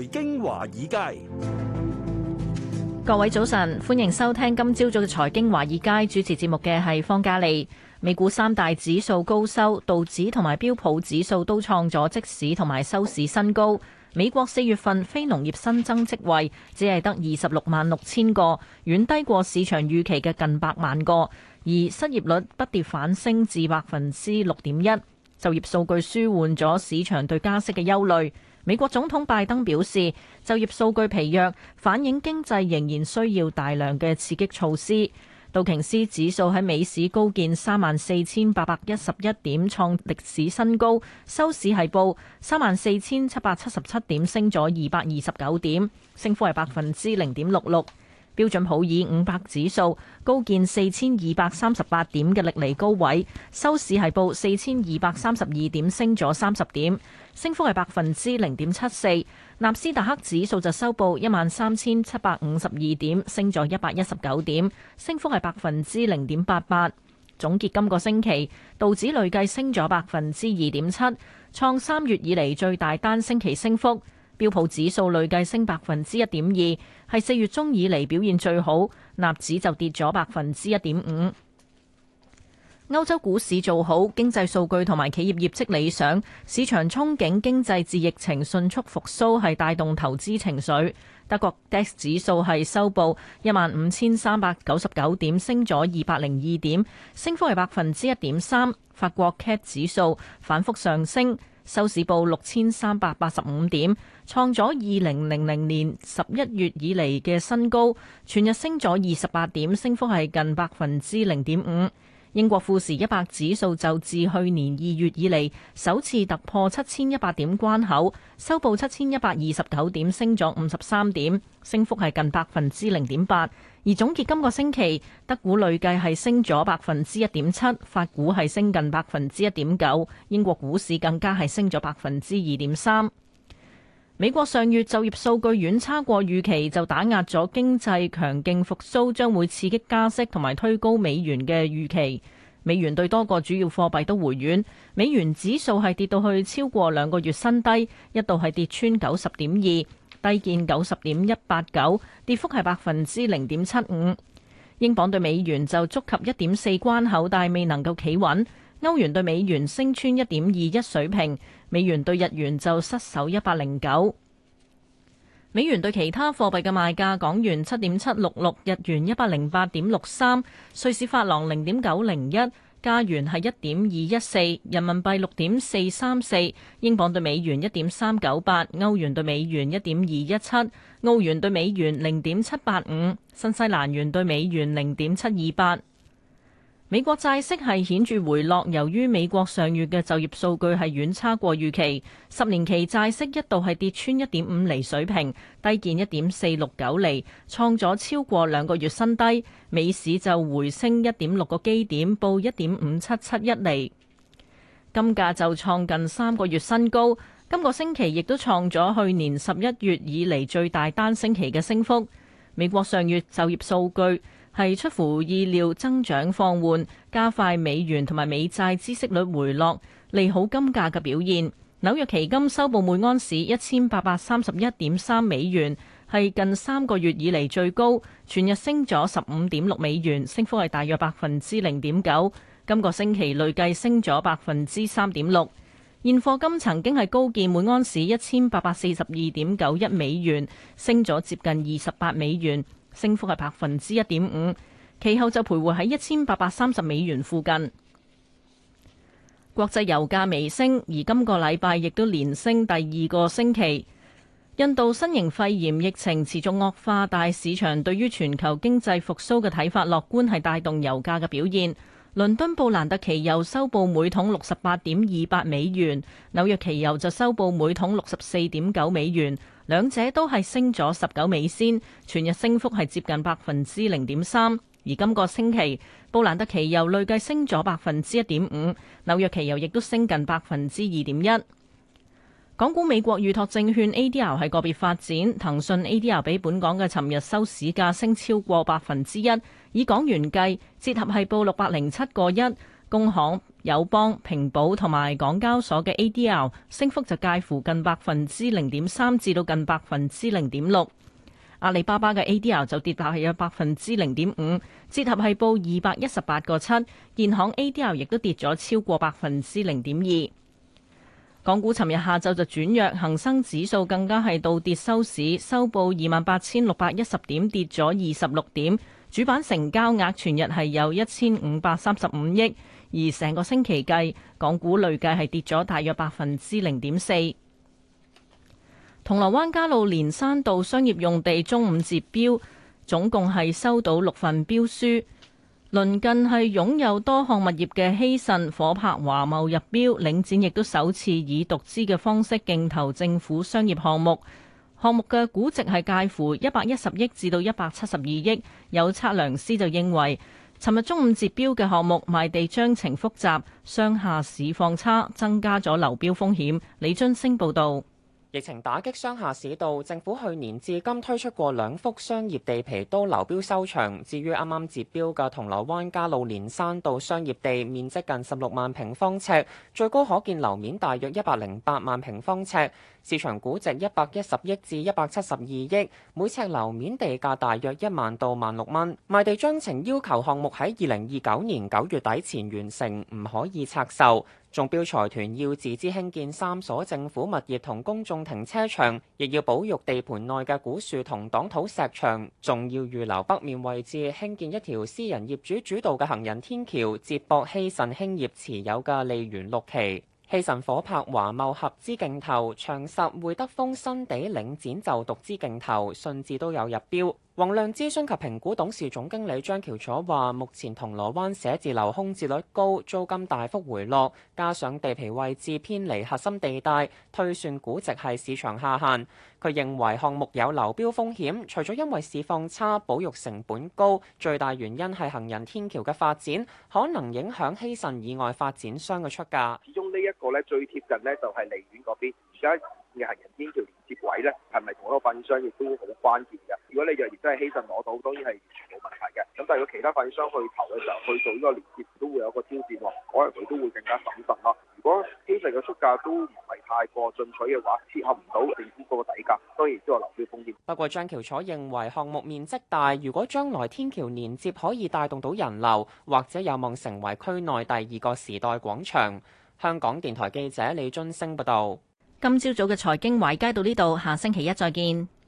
財經華爾街，各位早晨，歡迎收聽今朝早嘅財經華爾街。主持節目嘅係方嘉利，美股三大指數高收，道指同埋標普指數都創咗即市同埋收市新高。美國四月份非農業新增職位只係得二十六萬六千個，遠低過市場預期嘅近百萬個，而失業率不跌反升至百分之六點一。就業數據舒緩咗市場對加息嘅憂慮。美國總統拜登表示，就業數據疲弱，反映經濟仍然需要大量嘅刺激措施。道瓊斯指數喺美市高見三萬四千八百一十一點，創歷史新高，收市係報三萬四千七百七十七點，升咗二百二十九點，升幅係百分之零點六六。標準普爾五百指數高見四千二百三十八點嘅歷嚟高位，收市係報四千二百三十二點，升咗三十點，升幅係百分之零點七四。納斯達克指數就收報一萬三千七百五十二點，升咗一百一十九點，升幅係百分之零點八八。總結今個星期，道指累計升咗百分之二點七，創三月以嚟最大單星期升幅。標普指數累計升百分之一點二，係四月中以嚟，表現最好。納指就跌咗百分之一點五。歐洲股市做好，經濟數據同埋企業業績理想，市場憧憬經濟至疫情迅速復蘇係帶動投資情緒。德國 DAX 指數係收報一萬五千三百九十九點，升咗二百零二點，升幅係百分之一點三。法國 CAC 指數反覆上升，收市報六千三百八十五點。創咗二零零零年十一月以嚟嘅新高，全日升咗二十八點，升幅係近百分之零點五。英國富時一百指數就自去年二月以嚟首次突破七千一百點關口，收報七千一百二十九點，升咗五十三點，升幅係近百分之零點八。而總結今個星期，德股累計係升咗百分之一點七，法股係升近百分之一點九，英國股市更加係升咗百分之二點三。美國上月就業數據遠差過預期，就打壓咗經濟強勁復蘇，將會刺激加息同埋推高美元嘅預期。美元對多個主要貨幣都回軟，美元指數係跌到去超過兩個月新低，一度係跌穿九十點二，低見九十點一八九，跌幅係百分之零點七五。英鎊對美元就觸及一點四關口，但係未能夠企穩。歐元對美元升穿一點二一水平，美元對日元就失守一百零九。美元對其他貨幣嘅賣價：港元七點七六六，日元一百零八點六三，瑞士法郎零點九零一，加元係一點二一四，人民幣六點四三四，英鎊對美元一點三九八，歐元對美元一點二一七，澳元對美元零點七八五，新西蘭元對美元零點七二八。美國債息係顯著回落，由於美國上月嘅就業數據係遠差過預期，十年期債息一度係跌穿一點五厘水平，低見一點四六九厘，創咗超過兩個月新低。美市就回升一點六個基點，報一點五七七一厘。金價就創近三個月新高，今個星期亦都創咗去年十一月以嚟最大單星期嘅升幅。美國上月就業數據，係出乎意料，增長放緩，加快美元同埋美債孳息率回落，利好金價嘅表現。紐約期金收報每盎司一千八百三十一點三美元，係近三個月以嚟最高，全日升咗十五點六美元，升幅係大約百分之零點九。今個星期累計升咗百分之三點六。現貨金曾經係高見每盎司一千八百四十二點九一美元，升咗接近二十八美元。升幅係百分之一點五，其後就徘徊喺一千八百三十美元附近。國際油價微升，而今個禮拜亦都連升第二個星期。印度新型肺炎疫情持續惡化，但係市場對於全球經濟復甦嘅睇法樂觀，係帶動油價嘅表現。倫敦布蘭特期油收報每桶六十八點二八美元，紐約期油就收報每桶六十四點九美元，兩者都係升咗十九美仙，全日升幅係接近百分之零點三。而今個星期，布蘭特期油累計升咗百分之一點五，紐約期油亦都升近百分之二點一。港股美國預託證券 ADR 係個別發展，騰訊 ADR 比本港嘅尋日收市價升超過百分之一，以港元計，折合係報六百零七個一。工行、友邦、平保同埋港交所嘅 ADR 升幅就介乎近百分之零點三至到近百分之零點六。阿里巴巴嘅 ADR 就跌下係有百分之零點五，折合係報二百一十八個七。建行 ADR 亦都跌咗超過百分之零點二。港股尋日下晝就轉弱，恒生指數更加係倒跌收市，收報二萬八千六百一十點，跌咗二十六點。主板成交額全日係有一千五百三十五億，而成個星期計，港股累計係跌咗大約百分之零點四。銅鑼灣加路連山道商業用地中午截標，總共係收到六份標書。鄰近係擁有多項物業嘅希慎、夥拍、華懋入標，領展亦都首次以獨資嘅方式競投政府商業項目。項目嘅估值係介乎一百一十億至到一百七十二億。有測量師就認為，尋日中午截標嘅項目賣地章程複雜，商廈市況差，增加咗流標風險。李津升報道。疫情打擊商廈市道，政府去年至今推出過兩幅商業地皮都流標收場。至於啱啱截標嘅銅鑼灣加路連山道商業地，面積近十六萬平方尺，最高可見樓面大約一百零八萬平方尺，市場估值一百一十億至一百七十二億，每尺樓面地價大約一萬到萬六蚊。賣地章程要求項目喺二零二九年九月底前完成，唔可以拆售。中標財團要自資興建三所政府物業同公眾停車場，亦要保育地盤內嘅古樹同擋土石牆，仲要預留北面位置興建一條私人業主主導嘅行人天橋，接駁希慎興業持有嘅利園六期。希慎夥拍華懋合資競投長實、會德豐、新地、領展就獨資競投，信置都有入標。宏亮諮詢及評估董事總經理張喬楚話：目前銅鑼灣寫字樓空置率高，租金大幅回落，加上地皮位置偏離核心地帶，推算估值係市場下限。佢認為項目有流標風險，除咗因為市況差、保育成本高，最大原因係行人天橋嘅發展可能影響希慎以外發展商嘅出價。始終呢一個最貼近咧就係利園嗰邊，接位咧，係咪同嗰個發展商亦都好關鍵嘅？如果你若然真係希慎攞到，當然係完全冇問題嘅。咁但係如果其他發展商去投嘅時候，去做呢個連接，都會有一個挑戰喎。可能佢都會更加審慎咯。如果希慎嘅出價都唔係太過進取嘅話，切合唔到政府嗰個底價，當然都有流標風險。不過張橋楚認為項目面積大，如果將來天橋連接可以帶動到人流，或者有望成為區內第二個時代廣場。香港電台記者李晉星報道。今朝早嘅財經華爾街到呢度，下星期一再見。